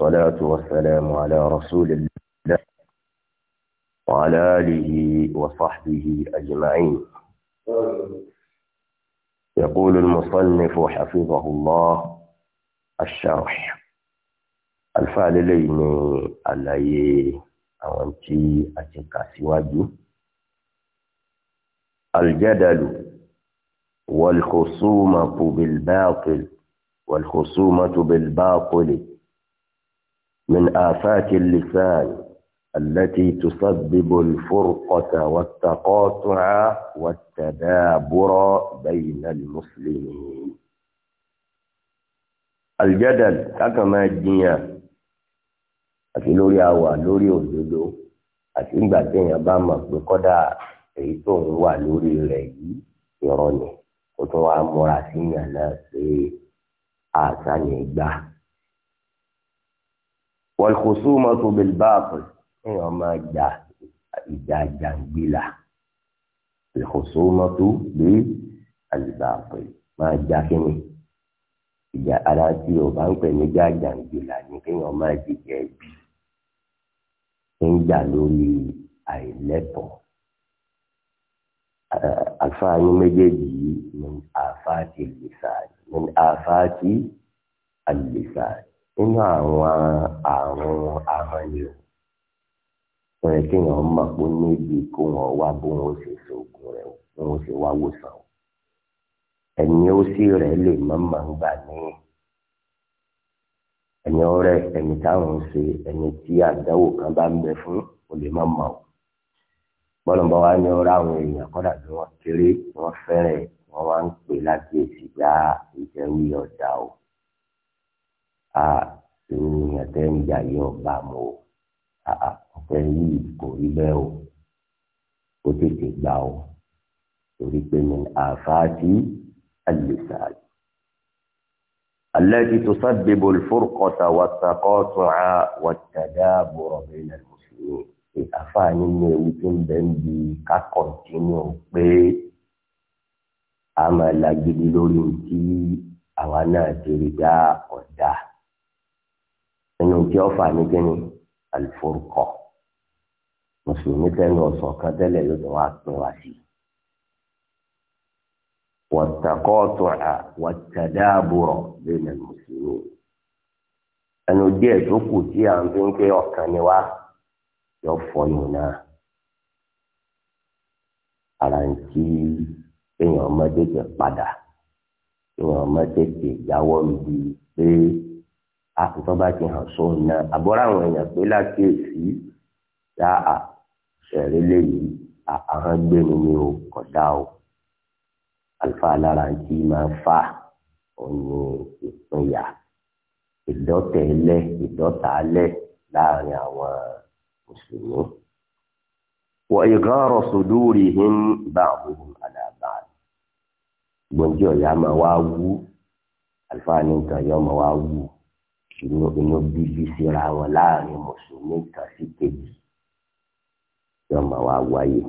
والصلاة والسلام على رسول الله وعلى آله وصحبه أجمعين يقول المصنف حفظه الله الشرح الفعل لين علي أنتي أتكاسي سواجه الجدل والخصومة بالباطل والخصومة بالباطل من آفات اللسان التي تسبب الفرقة والتقاطع والتدابر بين المسلمين الجدل كما الدنيا àti lórí àwa lórí òdodo àti ìgbà téèyàn bá mọ̀ pé kọ́dà èyí tó ń wà lórí rẹ̀ yìí irọ́ ni kó tó wàá múra síyàn náà pé àṣà yẹn gbà walkhusumatu bil batil èèyàn máa jà ìjà jàǹgbìlà walkhusumatu bil batil máa jà kínní ìjà ara tí o bá ń pè ní jà jàǹgbìlà ni kéèyàn máa jìjà ẹbí ń jà lórí àìlẹ́tọ̀ọ́ àlùfáà méjèèjì yìí ní àfáàtì àlìsàn ní àfáàtì àlìsàn nínú àwọn àrùn ahọ́nyò ó yẹ kéèyàn mọ̀ pé níbi kó wọn wá bó wọn ṣe ṣoògùn rẹ̀ bó wọn ṣe wá wòsàn ẹni ó sì rẹ̀ lè mọ̀mọ́ ń gbà níyì ẹni ọ̀rẹ́ ẹni táwọn ń ṣe ẹni tí àdánwò kan bá ń bẹ fún ó lè má mọ̀ ọ́ gbọ́dọ̀ bá wá ní ọ̀rọ̀ àwọn èèyàn kọ́dà bí wọ́n kéré wọ́n fẹ́rẹ̀ wọ́n wá ń pè láti èsì gba ah, ìjẹ́wí ọ̀dà o a ìròyìn tẹ́ ń jà yí ọba mu o àfẹ́ yìí kò rí bẹ́ẹ̀ o ó tètè gbà o torí pé mi àfáàtì àlùsàlù. التي تسبب الفرقة والتقاطع والتدابر بين المسلمين ìtàfààní ní ewu tó ń bẹ ń bi ká kọ̀ǹtínú pé a máa lágídí lórí ohun tí àwa náà ti rí dá ọ̀dà ẹnu tí ó fà ní kíni àlùfórúkọ mùsùlùmí tẹnu ọ̀sán kan tẹ́lẹ̀ ló ti wá pín wá sí i. wọ́tàkọ́tọ̀ à wọ́tàdáàbùrọ̀ lẹ́nu mùsùlùmí ẹnu díẹ̀ tó kù tí à ń fi ń pé ọ̀kan ni wá yọ fọnù náà ara ń tí èèyàn ọmọdé tẹ padà èèyàn ọmọdé tẹ jáwọ́ mi bíi pé àtúntọ́ bá ti hàn sóun náà àbọ̀rọ̀ àwọn èèyàn pé lákèésí dá a ṣẹ̀rí léyìí àhán gbẹ̀mí ni o kọ̀dá o àlùfáà lára ń kí máa fà òní ìpínyà ìdọ́tẹ̀lẹ̀ ìdọ́tàlẹ̀ láàrin àwọn mùsùlùmí. wọ ìgbọ́rọ̀ sódúrì hin bá àbúrò àdàbà gbọ̀njọ́ ìyá máa wá wú àlùfáà ní nǹkan yọ máa wá wú inú inú bíbí síra wọn láàrin mùsùlùmí kan sí kejì yóò máa wá wáyé.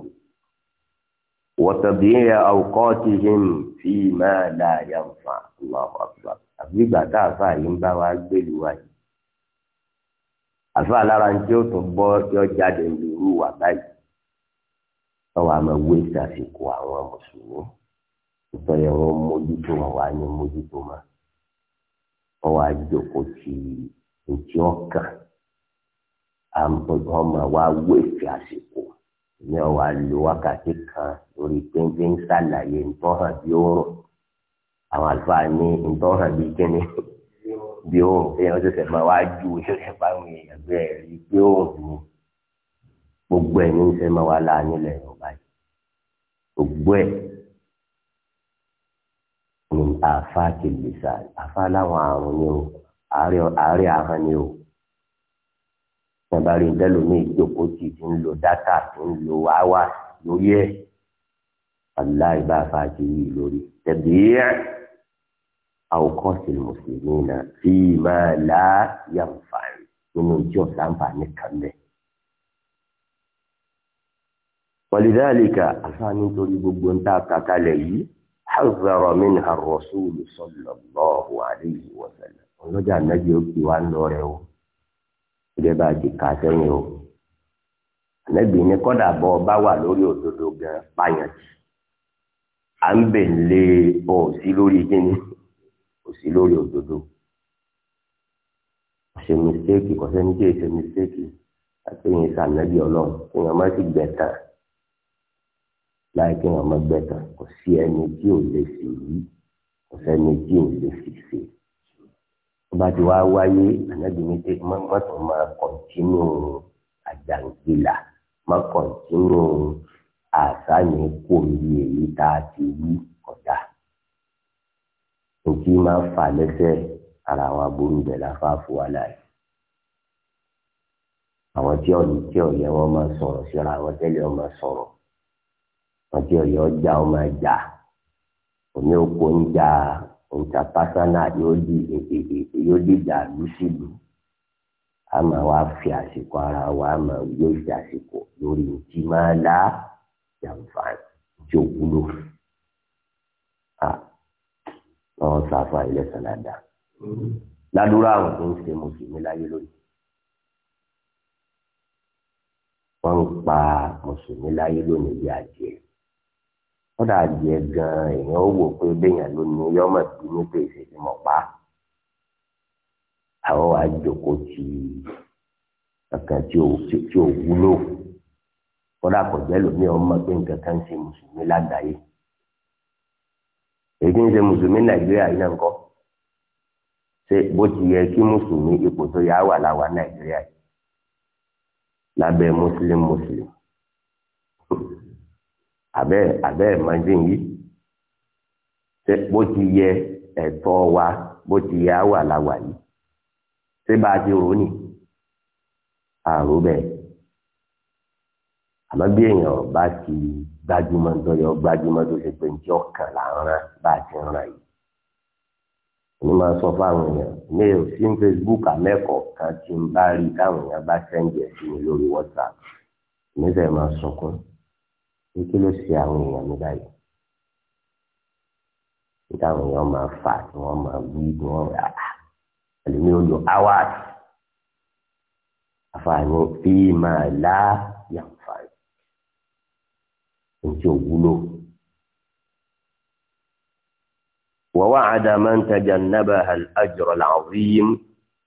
wọ́tọ̀bí ọkọ̀ ti hin fi máa la yànfà Allahu Akbar àbí ìgbà tá a fà yìí ń bá wa gbèlú wa yìí. àfà lára ní tí ó tún bọ́ tí jáde lóru wà báyìí. wọ́n wàá wé ìsàsìkò àwọn mùsùlùmí. ìtọ́yẹ̀ wọn mójútó wọn wà ní mójútó wọn ọwọ́ àjòkó ti ètí ọkàn ọmọ wa wéèfì àsìkò ní ọwọ́ àlò wákàtí kan lórí péńpé ń ṣàlàyé ntọ́hàn bí oorun àwọn àlùfáà ní ntọ́hàn bí kíni bí oorun èèyàn ṣẹ̀ṣẹ̀ máa wá ju ìṣẹ̀ṣẹ̀ báwọn èèyàn bẹ́ẹ̀ rí pé oorun ni gbogbo ẹ̀ ní ń ṣe máa wá láàánú lẹ́yìn yìí gbogbo ẹ̀ àfa kìlìsà àfa láwọn àrùn ni o àárẹ̀ ahọ́n ni o wọn bá rí ndẹ́lómi ìjókòó tí ti ń lo dátà tó ń lo wáwá lórí ẹ̀ aláì bá àfa ti lórí tẹ̀bí ẹ̀ àwòkọ́sì mùsùlùmí náà tí máa lá yàǹfààní nínú tí ọ̀sà kan bẹ́ẹ̀. wàlídàálì ká àfa nítorí gbogbo ń ta kàkálẹ̀ yìí. حذر منها الرسول صلى الله عليه وسلم ọlọ́jà ànábì ó kí wa o ilé bá ti ewu. sẹ́yìn o ànábì ní kọ́dà bọ́ ọba wà lórí òdodo gan pààyàn jù à ń bè lé ọ sí lórí kíni kò se lórí òdodo láì kí wọn má gbẹ̀tàn kò sí ẹni tí ò lè sì yí kò sẹ́ni tí ò lè sì ṣe. ọba tí wàá wáyé ànábì ní pé mọ́tò máa kọ̀ntínú àjàǹgbìlà máa kọ̀ntínú àṣàyàn kò ní èyí tá a ti wí ọ̀dà. òkè máa fà lẹ́sẹ̀ ara àwọn aburú bẹ̀ láfáàfù wa láì àwọn tí ọ̀lẹ́ tí ọ̀lẹ́ wọn máa sọ̀rọ̀ síra àwọn tẹ́lẹ̀ wọn máa sọ̀rọ̀ àti ọ̀yọ́ ọjà ọmọ ẹja òní oko ń ja ìtàpásánà yóò di e, e, e, yóò di ìjà lùsìlù a máa wá fi àsìkò ara wa a máa yóò fi àsìkò lórí ntí máa la jàǹfààní tí ó wúlò a wọn sáfà ilé sàlàdà ládùúrà àwọn tó ń ṣe mùsùlùmí láyé lónìí wọn ń pa mùsùlùmí láyé lónìí bí adìẹ kódà jẹ gan èèyàn ó wò pé béèyàn ló ní yọmọ bí ní pèsè tí mo pa àwọn wàá jókòó ti kankan tí ò tí ò wúlò kódà kò jẹ́ lómi ọmọ pé nǹkan kan ń ṣe mùsùlùmí ládàáyé èyí ń ṣe mùsùlùmí nàìjíríà yìí náà ń kọ́ ṣe bó ti yẹ kí mùsùlùmí ipò tó yà wà láwa nàìjíríà yìí lábẹ́ muslim muslim abẹ́ abẹ́ mọ́ndín se bó ti yẹ ẹ̀tọ́ wa bó ti yẹ àwà la wà yìí ṣé bá a ti rò ní àrò bẹ́ẹ̀ àmọ́ bí èèyàn bá ti gbajúmọ̀ tó yọ gbajúmọ̀ tó ṣe pé njẹ́ ọ̀kan là ń bá a ti rán yìí èmi máa sọ fáwọn èèyàn mi ò sí Facebook amẹ́kọ̀ọ́ kan tí n bá rí táwọn èèyàn bá sẹ́ńdì sí mi lórí WhatsApp mi fẹ́ máa sunkún. So ní kí ló ṣe àwọn èèyàn mi báyìí níta àwọn èèyàn máa fà tí wọ́n máa wí tí wọ́n rà á ẹlòmí ó lo hours àfààní fi máa lá yàǹfààní nítí ò ووعد من تجنبها الأجر العظيم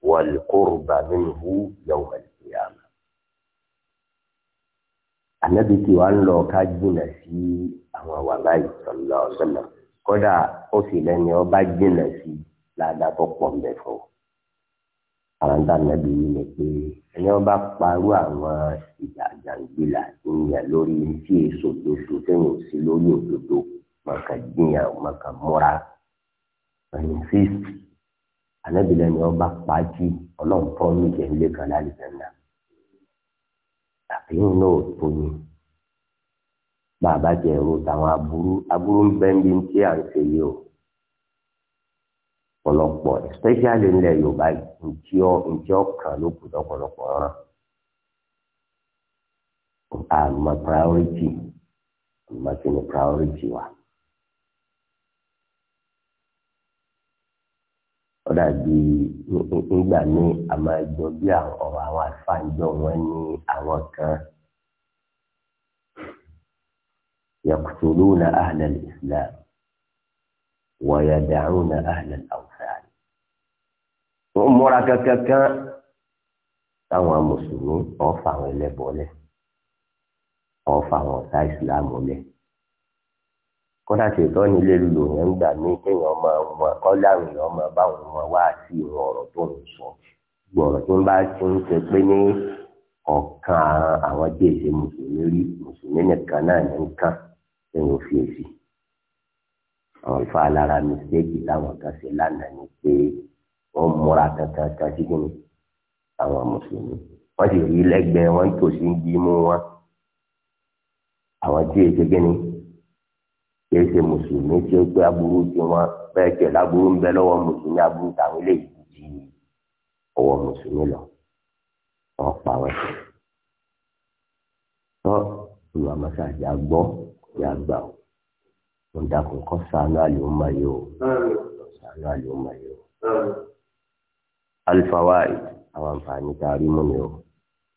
والقرب منه يوم القيامة ànábì tí wàá ń lọ ká jìnnà sí àwọn àwa báyìí sọlọ sọlọ kódà ó sì lẹni ọba jìnnà sí ládàá tó pọ̀ mbẹ fún un àràǹdà ànábì yìí ni pé ẹni wọn bá parú àwọn ìjà àjàngbìlà ìyẹn lórí tí èso dodo tẹ̀yìn sí lórí òdodo màkà jìyàn màkà múra ẹni fíìsì ànábì lẹni ọba pàákì ọlọ́run tó ń jẹ́ ńlẹ́ kan lálẹ́ náà àbíyìn náà ò tó ni bàbá jẹ ẹrú táwọn aburú aburú ń bẹ níbi tí à ń ṣe yìí o ọ̀pọ̀lọpọ̀ especially nílẹ̀ Yorùbá ntí ọ ntí ọ ló kù lọ́pọ̀lọpọ̀ ọ̀ràn àmọ́ priority àmọ́ kí ni priority wa. ó dàbí ńgbà ní àmàjọ bí ọ̀rọ̀ àwọn àfáàjọ wọn ní àwọn kan yaqtuluna na al-islam wa yad'una ahla al-awthan. múra kankankan táwọn mùsùlùmí ọ̀fà àwọn ẹlẹ́bọ̀ọ́lẹ̀ ọ̀fà àwọn islam kódà ṣètọ́ nílé lò yẹn ń gbà mí kéèyàn ọmọ wọn kọ́ láwọn èèyàn ọmọ báwọn wọn wá sí ìwọ̀n ọ̀rọ̀ tó ń sọ gbọ̀rọ̀ tí ń bá ti ń ṣe pé ní ọ̀kan àwọn tí èsè mùsùlùmí rí mùsùlùmí nìkan náà ní nǹkan ẹ̀yìn fi èsì àwọn ìfọ alára mistake táwọn kan ṣe lánàá ni pé wọ́n múra kankan kan sí kíni àwọn mùsùlùmí wọ́n sì rí lẹ́gbẹ̀ẹ́ wọn tòsí ń bí wọn àwọn tí kíni kìí ṣe mùsùlùmí tí ó gbé aburú tí wọn bẹ́ẹ̀ tẹ láburú ń bẹ lọ́wọ́ mùsùlùmí aburú táwọn eléyìí ti ọwọ́ mùsùlùmí lọ wọn pa wẹ tọ ìwà masáàjì àgbọ ìyá àgbà o mo dàkún kọ sànú àlè ó máa yọ o sànú àlè ó máa yọ o alifawaid àwọn àǹfààní tá a rí mú ni o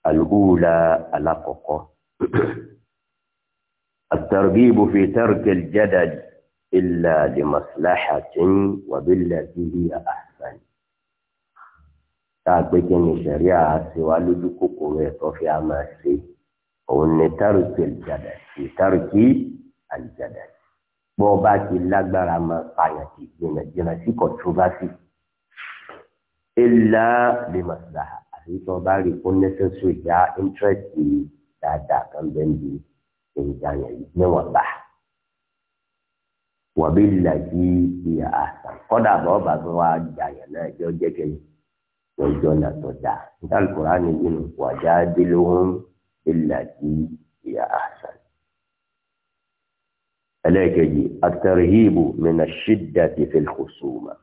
alùpùpù la alákọ̀ọ́kọ́. الترغيب في ترك الجدل إلا لمصلحة وبالتي هي أحسن تاكيك الشريعة سوى لجكوك ويطفي عما سي وإن ترك الجدل في ترك الجدل بوباكي لاغبارا ما قايتي جنة جنة سيكو كونتروفاسي إلا لمصلحة أريد أن أقول لك أن interest dáadáa kan bẹ́ẹ̀ èyí dáná yìí níwọ̀n bá wàbí lílà sí ìyá àṣà kọ́dà bá ọba tó wá dàyàn náà jọ jẹ́kẹ̀yìn lọ́jọ́ náà tó dà níta lùkùrá ni nínú wàjá délóhùn lílà ìyá àṣà. ẹlẹ́ẹ̀kejì àtẹ̀rẹ̀hìbù mìíràn ṣídà ti fi kùsùmà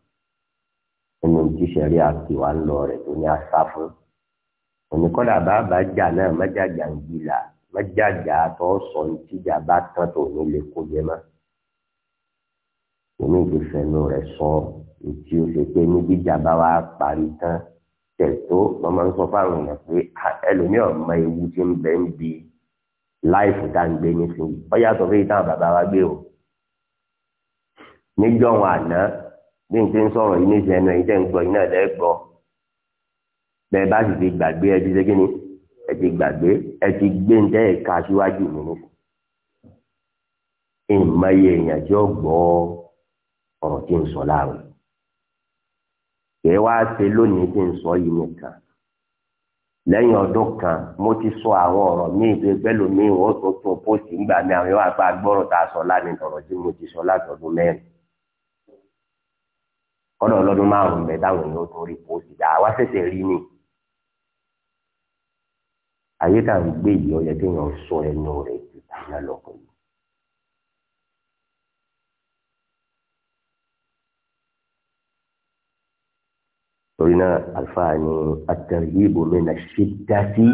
nínú tíṣẹ̀rí àti wà rẹ̀ tó ní àṣà fún. òní kọ́dà bá bá jà náà mẹ́jà jàǹgìlà mọ́jàjà tó sọ ìtìjà bá tán tó ní lè kó jẹ mọ́ inú ìgbésẹ̀nu rẹ̀ sọ ìtì ó ṣe pé ní bíjà bá wá parí tán tẹ̀tọ́ wọ́n máa ń sọ fáwọn èèyàn pé ẹlòmíràn mọ ewu tí ń bẹ ń bi láìfù tá à ń gbé nísìnyí bóyá sọ fún ìtàn bàbá wa gbé o níjọ́ wọn àná bí n ti ń sọ̀rọ̀ yìí níṣẹ́ ẹnu ẹ̀yìn tẹ̀ ń gbọ́ yìí náà lẹ́ẹ̀ bẹ́ẹ̀ bá sì ti gbàgbé ẹ ti ṣe kí ni ẹ ti gbàgbé ẹ ti gbé ń tẹ́ ẹ̀ka síwájú mi ní. ìmọye èèyàn tí ó gbọ́ ọ̀rọ̀ tí ń sọ láàrú. kì í wá ṣe lónìí tí ń sọ yìí nìkan. lẹ́yìn ọdún kan mo ti sọ àwọn ọ̀rọ̀ míì pé pẹ́lú mi ò tó tó pósì ńgbà mi àwọn yóò pa gbọ́rọ̀ tá a sọ láàrin ọ̀rọ̀ tí mo ti sọ látọ̀dún mẹ́rin kọ́nà ọlọ́dún márùn-ún mẹ́ta àwọn èèyàn tó rí pósì dáa ṣẹ̀ṣẹ̀ rí ni ayé tá à ń gbé yìí ọyẹ kéèyàn sọ ẹnu rẹ ju tàyà lọ pẹ̀lú. torí náà àlùfáà ni àtẹ̀yìnbó mi náà ṣe dá sí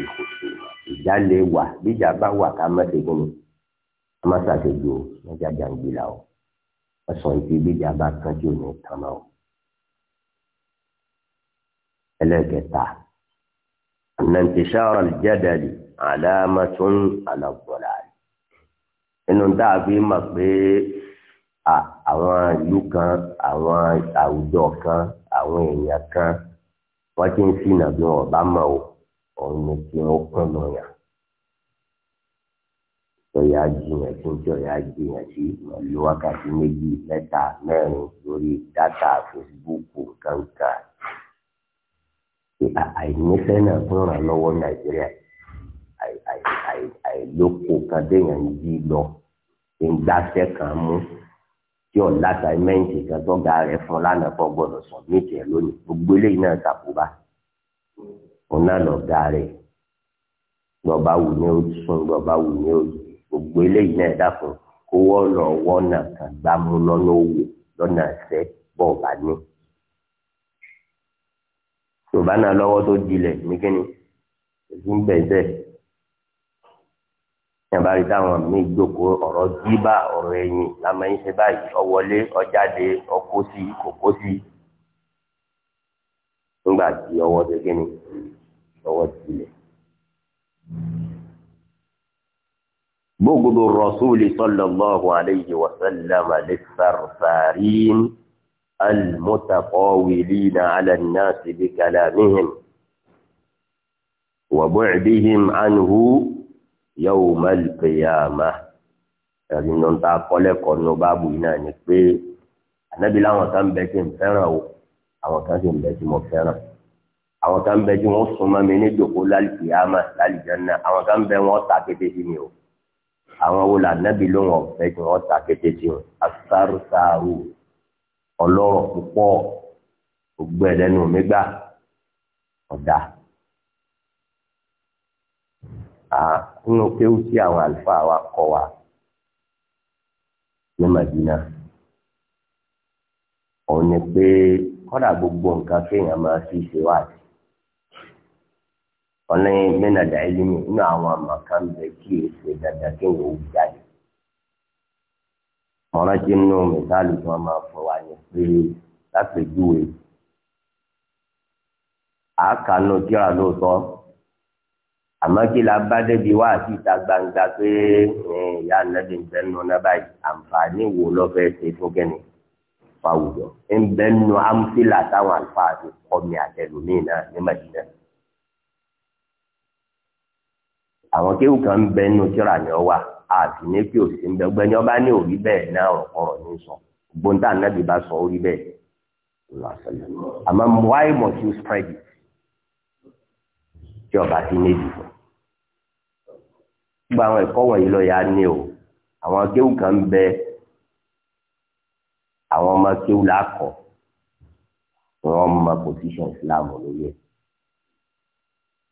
ìkòsí ìjà lè wà bíjà bá wà ká má ṣe gbóni ká má ṣàṣejù o wọn jàǹgbìlà o wọn sọ èdè bíjà bá kánjú ní kàmá o. ẹlẹ́kẹta. أن انتشار الجدل علامة على الضلال inú dàbí mọ̀ pé àwọn ìlú kan àwọn àwùjọ kan àwọn èèyàn kan wọ́n ti ń ṣìnà bí wọ́n bá mọ̀ o òun ni kí wọ́n kún lọ yàn. ìjọyà jiyàn sí ìjọyà jiyàn sí pẹ̀lú wákàtí méjì mẹ́ta mẹ́rin lórí dátà fesibúùkù kankan àìníṣẹ́ náà tún ràn lọ́wọ́ nàìjíríà àìlóko kan déèyàn ń yí lọ ń gbáṣẹ́ kan mú tí ọ̀la sàmẹ́ǹtì kan tọ́ga rẹ̀ fún lánàá kọ́ gbọ́dọ̀ sọ níkẹ́ lónìí gbogbo eléyìí náà ṣàkóbá òun náà lọ̀gá rẹ̀ lọ́ba wù ní oṣù lọ́ba wù ní oṣù gbogbo eléyìí náà dákun kó wọ́n lọ wọ́n náà kàn gbámú lọ́nà òwò lọ́nà ẹ̀sẹ̀ bọ́ọ̀ bá ní yorùbá náà lọ́wọ́ tó dilẹ̀ ní kíni èyí ń bẹ̀ bẹ́ẹ̀ ní àbárí táwọn míín jókòó ọ̀rọ̀ jíbà ọ̀rọ̀ ẹ̀yìn lámẹ́yìn ṣe báyìí ọwọlé ọjáde ọkọ sí kòkó sí nígbà tí ọwọ́ ṣe kíni ọwọ́ dilẹ̀. بغض الرسول صلى الله عليه وسلم للثرثارين المتقاولين على الناس بكلامهم وبعدهم عنه يوم القيامة ẹ̀rí ló ń ta akọ́lẹ́kọ̀ọ́ nínú báàbù yìí náà ni pé ànábi láwọn kan bẹ tí ń fẹ́ràn o àwọn kan sì ń bẹ tí mo fẹ́ràn àwọn kan bẹ tí wọ́n sún mọ́ mi ní jòkó lálìkìyàmà lálìjánná àwọn kan bẹ wọ́n ta kété sí mi o àwọn wo là ànábi ló wọ́n fẹ́ tí wọ́n ta kété sí o asárúsárù o ọlọ́rọ̀ púpọ̀ ògbẹ́ lẹ́nu mi gbà ọ̀dà. nínú kéwù tí àwọn àlùfáà wa kọ́ wa ní Madina òun ni pé kọ́dà gbogbo nǹkan kéèyàn máa fi ṣèwádìí ọ̀nà mẹ́nàdà ẹlẹ́mì nínú àwọn àmàkà ń bẹ kí èsì dandan kéèyàn ó jáde mọ̀ràn tí nínú mẹ́tàlì tí wọ́n máa fọ wa ní pé lápèjúwe àákànú kíra lóòótọ́ àmọ́ kí la bá débi wá àti ìta gbangba pé ìyá ànábì ń bẹ́ nu ọ̀nà báyìí àǹfààní wo ló fẹ́ ṣe fún kẹ́ni fáwùjọ ń bẹ́ nu amúfílà táwọn àlùfáà ti kọ́ mi àtẹlùmíì náà ní Màdínà. àwọn kéwù kan ń bẹ́ nu kíra ni ọ wà àtìmẹ́kì òsì ń bẹ ọgbẹ́ni ọba ní òrí bẹ́ẹ̀ náà ọ̀rọ̀ ní sọ gbóńtà nàbí bá sọ orí bẹ́ẹ̀ àmọ́ why must you spread it tí ọba ti méjì fún gbogbo àwọn ẹ̀kọ́ wọ̀nyí lọ ya ní o àwọn akéwù kan ń bẹ àwọn ọmọ akéwù làkọ wọn mọ position Islam lórí ẹ̀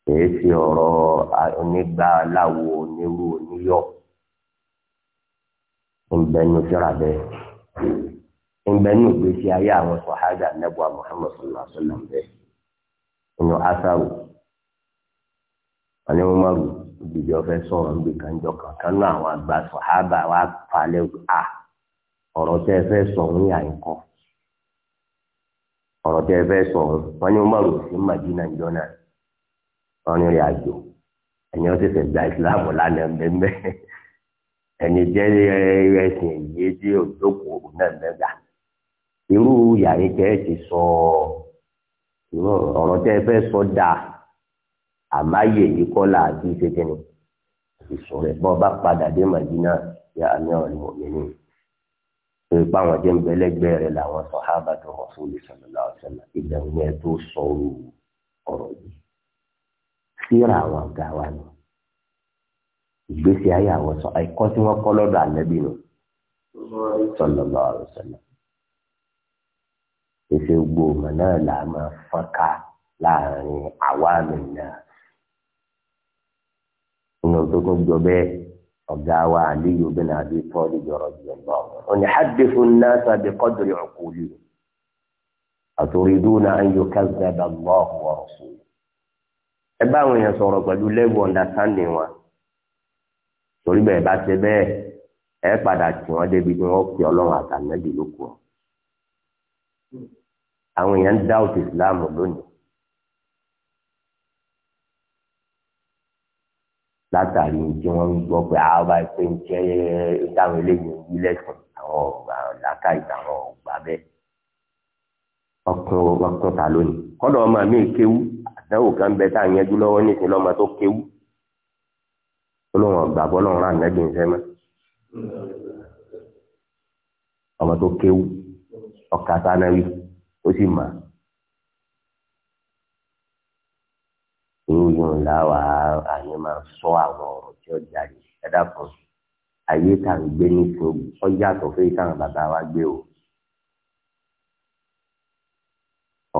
kìí ṣe ọ̀rọ̀ onígbà láwo onírú oníyọ̀. ìgbẹ́nu síra bẹ́ẹ̀ ìgbẹ́nu ìgbésí ayé àwọn sọ̀hájà nẹ́bùà Muhammad sallallahu alaihi wa sallam bẹ́ẹ̀ inú asaru wọn ni wọn máa rò ìdìjọ fẹ́ kanjọ kan náà àwọn àgbà wa falẹ̀ a ọ̀rọ̀ tẹ́ fẹ́ sọ̀rọ̀ ní àyíkọ́ ọ̀rọ̀ tẹ́ fẹ́ sọ̀rọ̀ wọn ni wọn máa rò sí Madina ìjọ náà wọn ni gba ìsìlámù lánàá ẹni jẹ́ ẹ̀sìn yìí tí òjòkó náà lẹ́gà irú yàrá tẹ́ ti sọ ọ̀rọ̀ tẹ́ ẹ sọ dáa àmáyè yìí kọ́lá àti ìṣèkínni ìṣòrẹ̀ bọ́ bá padà dé màdínà yà á ní ọ̀rẹ́ mọ̀mìnì torí àwọn jẹ́ ń bẹ làwọn sọ̀hábà tó wọ́n fún sallallahu alaihi wasallam ìgbà yẹn tó sọ̀rọ̀ ọ̀rọ̀ yìí síra àwọn àga wa ni. ìgbésí ayé àwọn sọ ẹ̀kọ́ tí wọ́n kọ́ lọ́dọ̀ nù sallallahu alaihi wasallam èsì gbogbo ọmọ náà là á máa fọ́n láàrin àwa mi náà nínú tó tún jọ bẹ́ẹ̀ ọ̀gá wa Aliyu bin Abi Talib radiyallahu ẹ bá àwọn torí bẹ́ẹ̀ bá ṣe bẹ́ẹ̀ ẹ padà tì wọ́n débi tí wọ́n fi ọlọ́run àtàlẹ́bí ló kù ọ́. àwọn èèyàn ń dá òtù ìsìláàmù lónìí. látàrí tí wọ́n ń gbọ́ pé àwa ah, pé ń jẹ́ táwọn eléyìí ń yí lẹ́sùn àwọn ọ̀gbà làákà ìgbà àwọn ọ̀gbà bẹ́ẹ̀. ọkùn ọkùn ta lónìí kọ́dọ̀ ọmọ mi kéwú àdánwò kan bẹ tá à ń yẹjú lọ́wọ́ nísìnyí lọ́mọ tó kéwú ó lóun ọ̀gbàgbọ́ lóun rà nẹ́bí ńfẹ́ mọ́ ọmọ tó kéwú ọkà sánáwí ó sì mà irú yìí ńlá wà á ní máa sọ àwọn ọ̀rọ̀ tí ó jáde ẹ̀dá kan ayé tá à ń gbé nísìnyí ó yàtọ̀ fún ìtàn bàbá wa gbé o.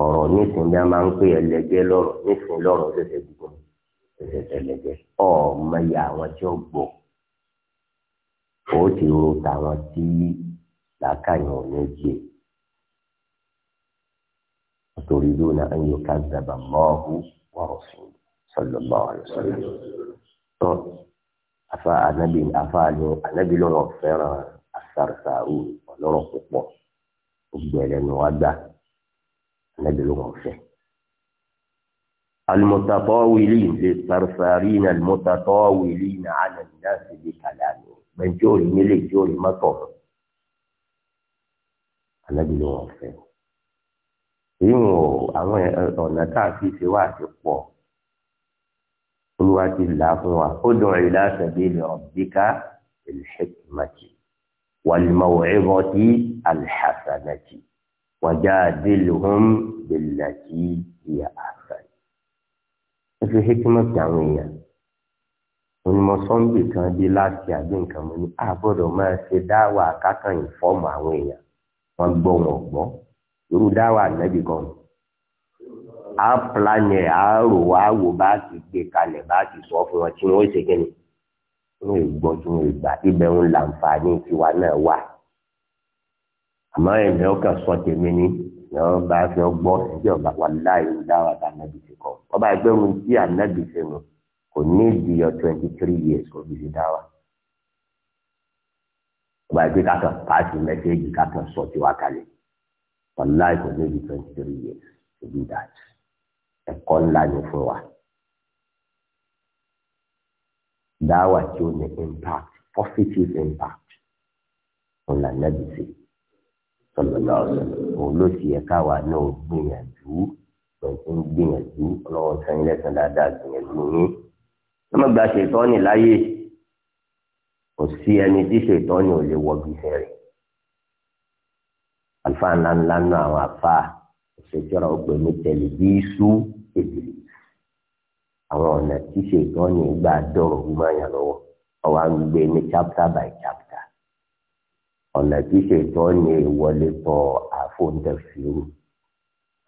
ọ̀rọ̀ nísìnyí a máa ń pè ẹlẹgẹ́ lọ́rọ̀ nísìnyí lọ́rọ̀ ṣẹ̀ṣẹ̀ gbogbo tẹ̀tẹ̀tẹ̀lẹ̀dẹ̀ ọ̀ọ́mọ ya àwọn tí ó gbọ́ ó ti ro tàwọn tí làákàyàn ò ní jẹ nítorí lónà an yukazziba Allahu wa rasuluhu sallallahu alaihi wasallam tó afa anabi afa ni anabi lọ́rọ̀ fẹ́ràn asarisaru ọlọ́rọ̀ púpọ̀ gbẹlẹnu wa gbà anabi lọ́rọ̀ fẹ́ràn. المتطاولين للثرثارين المتطاولين على الناس بكلامه من جوري ملي جوري مطر النبي لو وفيه ìwọ̀n àwọn ọ̀nà tá a fi ṣe wá ti pọ̀ olúwa ti là á fún wa ó dùn ila sabili rabbika al-hikmati wal-maw'izati al-hasanati wajadilhum billati hiya ahsan. ó fi hekimọ̀tì àwọn èèyàn onímọ̀ sọ́ńdè kan bíi láti àbí nǹkan mọ́ ni a gbọ́dọ̀ máa ṣe dáwà kákan ìfọ́ọ̀mù àwọn èèyàn wọ́n gbọ́ wọn gbọ́ irú dáwà nẹ́bí kan á pilani rò wá wò bá ti gbé kalẹ̀ bá ti sọ fún wọn tí ṣe tí gbà lọ́wọ́ bá fi ọgbọ́n tí ọba wà láàyè ń dá wa tá ànábì ti kọ́ ọba ẹgbẹ́ mu tí ànábì ti mu kò ní di ọ twenty three years kò fi ti dá wa. ọba ẹgbẹ́ ká kàn paasi mẹ́sẹ́ẹ̀jì ká kàn sọ tiwa kalẹ̀ wà láàyè kò ní di twenty three years to do that ẹ̀kọ́ ńlá ni fún wa. dáwà tí ó ní impact positive impact ọ̀nà ànábì ti sọlọlọ ọsẹ òun ló ti yẹ káwa náà gbìyànjú pẹ̀lú gbìyànjú ọlọ́wọ́ sẹ́yìn lẹ́sàn dáadáa gbìyànjú yín lọ́mọ gba ṣètọ́ni láyè kò sí ẹni tí ṣètọ́ni ò lè wọ bí fẹ́rẹ̀ alfa ńláńlá náà àwọn afa ìṣèjọra ọgbẹ mi tẹ̀lé bí iṣu ìdìrí àwọn ọ̀nà tí ṣètọ́ni gbà dọ̀rọ̀ gbọ́mọ̀ yàn lọ́wọ́ ọwọ́ à ń gbé ní chapter by chapter ọ̀nà tí ṣètọ́ ni ìwọlé tọ àfóńtẹ̀fìrù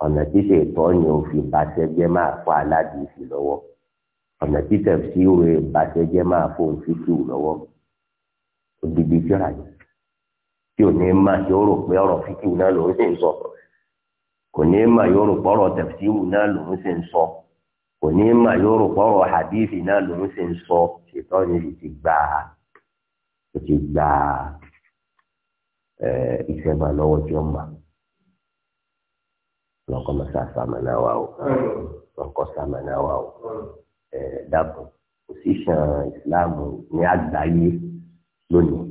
ọ̀nà tí ṣètọ́ ni òfin bàtẹ́jẹ́ máa fọ́ aládìsí lọ́wọ́ ọ̀nà tí tẹ̀fìrù bàtẹ́jẹ́ máa fóun fíkìrù lọ́wọ́ odidi tíra yìí tí ò ní máa yóò rò pé ọ̀rọ̀ fíkìrù náà lòún sì ń sọ kò ní máa yóò rò pé ọ̀rọ̀ tẹ̀fìrù náà lòún sì ń sọ kò ní mà yóò rò pọ̀rọ̀ hadithi náà lòún ṣe ń sọ ṣètọ́ ni ti ìṣẹ̀gbà lọ́wọ́ tí ó mà lọ́kọ́ mọ́sá sàmánà wa o lọ́kọ́ sàmánà wa o dàbọ̀ òṣìṣàn ìsìláàmù ní àgbáyé lónìí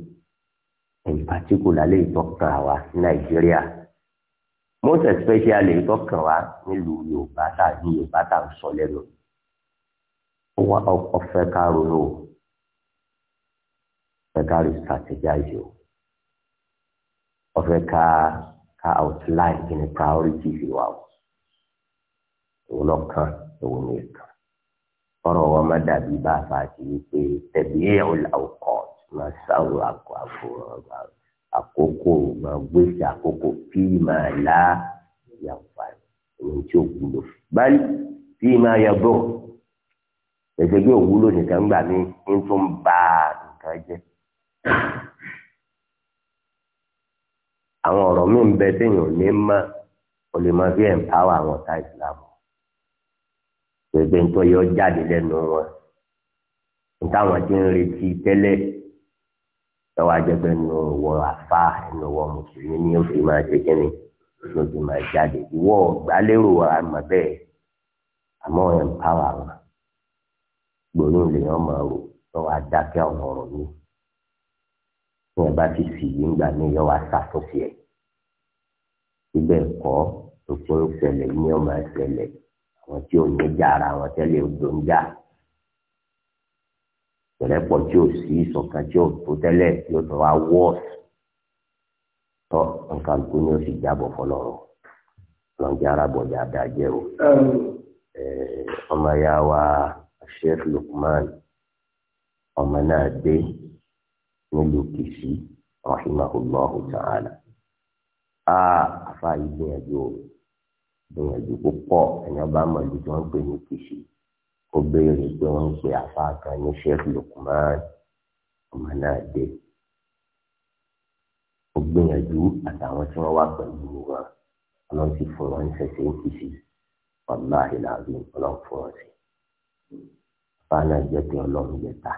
in particular lè tọkàn wa ní nàìjíríà most especially tọkàn wa nílùú yorùbá tá ní yorùbá tá ń sọ lẹ́nu ó wá ọfẹ ká ronú o ẹ ká rí strategize o ọ̀fẹ́ ká ká outline kí ni priority fi wà o òun lọ kàn òun ní kàn ọ̀rọ̀ wọn má dàbí bá a fa ti wípé tẹ̀bí ẹ̀ ọ̀kọ̀ máa sáwọ́ àkó àkó àkókò máa gbèsè àkókò kí máa lá yàgbà ohun tí ò wúlò báyìí kí máa yàgbọ́ ẹ̀sẹ̀ gbé òwúlò nìkan gbà mí ń tún bá nǹkan jẹ́ àwọn ọ̀rọ̀ míì ń bẹ téèyàn ní mọ̀ o lè máa fi empower àwọn ọ̀tá islam gbẹgbẹ ń tọ́ yọ jáde lẹ́nu wọn ní táwọn ti ń retí tẹ́lẹ̀ lọ́wọ́ ajẹ́gbẹ́ nu wọ àfa ẹnu wọ mùsùlùmí ni ó fi máa ṣe kíni ló fi máa jáde ìwọ gbálérò àmọ́ bẹ́ẹ̀ àmọ́ empower wọn gbòòrùn lèèyàn máa rò lọ́wọ́ adákẹ́ ọ̀rọ̀ yìí tí wọn bá ti sì yí ńgbà ní yọ wá ṣàtúnṣe ẹ síbẹ̀ kọ́ òpin ìṣẹ̀lẹ̀ ní ọmọ ìṣẹ̀lẹ̀ àwọn tí ò ní já ara wọn tẹ́lẹ̀ odò ń já ìrẹ́pọ̀ tí ò sí ìṣọ̀kan tí ò tó tẹ́lẹ̀ tí ó tún wá wọ́ọ̀sì tọ́ nǹkan tó ní ó sì jábọ̀ fọlọ́run lọ́njẹ́ arábọ̀jà adájẹ́ o ọmọ ya wa Sheikh Lukman ọmọ náà dé nílùú Kìṣí rahimahullahu ta'ala a afa ìgbìyànjú ìgbìyànjú púpọ̀ ẹ̀yàn bá mọ̀ ní tí wọ́n ń pè ní Kìṣí ó béèrè pé wọ́n ń pe afa kan ní Sheikh Lukman ọmọ náà dé ó gbìyànjú àtàwọn tí wọ́n wá pẹ̀lú wọn ọlọ́run sì fún wọn ṣẹ̀ṣẹ̀ ń Kìṣí wàláhì làbí ọlọ́run fún wọn sí afa náà jẹ́ pé ọlọ́run jẹ́ ta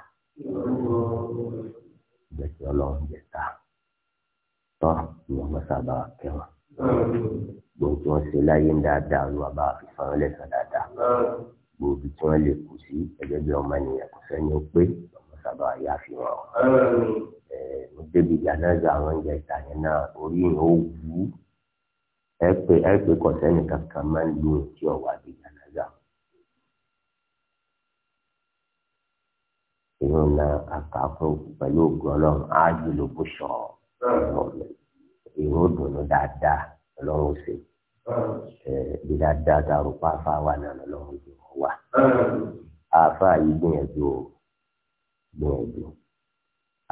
gbèsè ọlọ́run jẹta tọ́ ìwọ̀n mọ́sàbà kẹwọn gbogbo tí wọ́n ṣe láyé ń dáadáa olúwa bá fi san lẹ́san dáadáa gbogbo tí wọ́n lè kù sí ẹgbẹ́ bí ọmọ ènìyàn kò sẹ́ni ó pé mọ́sàbà yá fi wọn ọ. mo débi ìdánáza àwọn oúnjẹ ìta yẹn náà orí yẹn ó wú ẹ pé ẹ pé kọ̀sẹ́nì kankan máa ń lu ohun tí ọ̀wá bí ìdáná. ọ̀nà àkàkùn pẹ̀lú ògùn ọlọ́run ájú ló kó sọ ìró dùnú dáadáa ọlọ́run ṣe bí dáadáa dàrú pàfà wà nànà ọlọ́run jù wọ́n wà. àáfà yìí gbìyànjú o gbìyànjú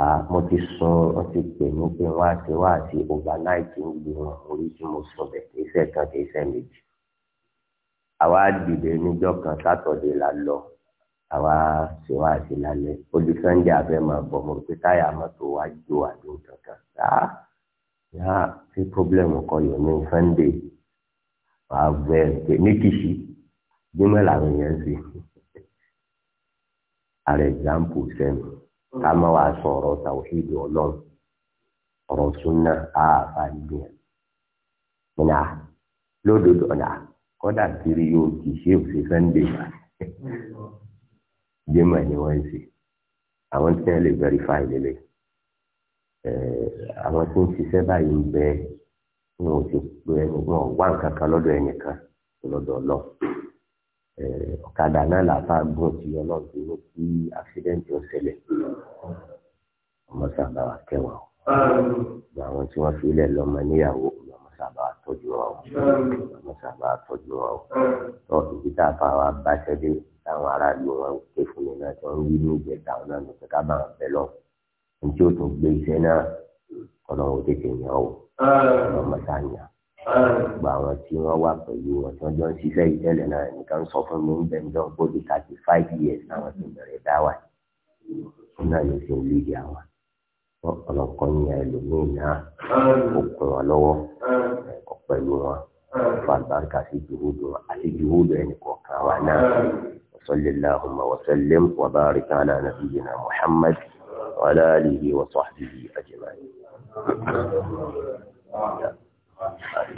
a mo ti sun mo ti pè mí pé wá sí wá sí overnight ń gbìyànjú orí tí mo sùn bẹ̀ kì í ṣe kan kì í ṣe méjì àwa dìde níjọ́ kan sátọ̀dé la lọ àwa ṣèwà àti lálẹ́ ojú sànńdẹ abẹ máa bọ mo rò pé táyà mọ́tò wa jó àdúgbò kankan ah! ṣáá yá sí pọblẹmù kan yọ ní sànńdẹ wàá bẹ ẹ ní kìsì gbẹmọ làwọn èèyàn ń ṣe ààrẹ ìgbàmpù sẹnu ká má wàá sọ ọ̀rọ̀ tàwíìdì Ọlọ́run ọ̀rọ̀ súnà àáfà nìyẹn nà lódodo ọ̀nà ah, kọ́dà kiri yóò kìí ṣe òṣèṣẹ́ jimá ni wọ́n ń ṣe àwọn tí wọ́n lè verify lélẹ̀ àwọn tí ń ṣiṣẹ́ báyìí ń bẹ wọn ò ti pé wọn ò wá nǹkan kan lọ́dọ̀ ẹnìkan lọ́dọ̀ ọlọ́ ọ̀kadà náà làbá gùn tí ọlọ́run ti accident ó ṣẹlẹ̀ ọmọ sábà wà kẹwàá o àwọn tí wọ́n fi ilẹ̀ lọ́mọ níyàwó ọmọ sábà wà tọ́jú wa o ọmọ sábà wà tọ́jú wa o tọ́ ìdí tá a fa wa bá ṣẹ́ àtàwọn aráàlú wọn ké fún mi náà tó ń wí ní ìjẹta wọn náà nìkan ká bá wọn bẹ lọ ní tí ó tún gbé iṣẹ́ náà kọlọ wọn tètè yàn o kọlọ wọn sá yàn gbogbo àwọn tí wọn wà pẹ̀lú wọn tí wọn jọ ń ṣiṣẹ́ ìtẹ́lẹ̀ náà nìkan sọ fún mi ń bẹ ń dán gbòdì thirty five years àwọn ti bẹ̀rẹ̀ dá wà wọn náà ló ti ń lé di àwọn ọlọkọ ní ẹlòmíín náà ó kún wọn lọ́wọ́ ọpẹlú wọn fún àgbàǹkà sí juhudu àti juhudu ẹnì kọ̀ọ̀kan wa náà. صل اللهم وسلم وبارك على نبينا محمد وعلى آله وصحبه أجمعين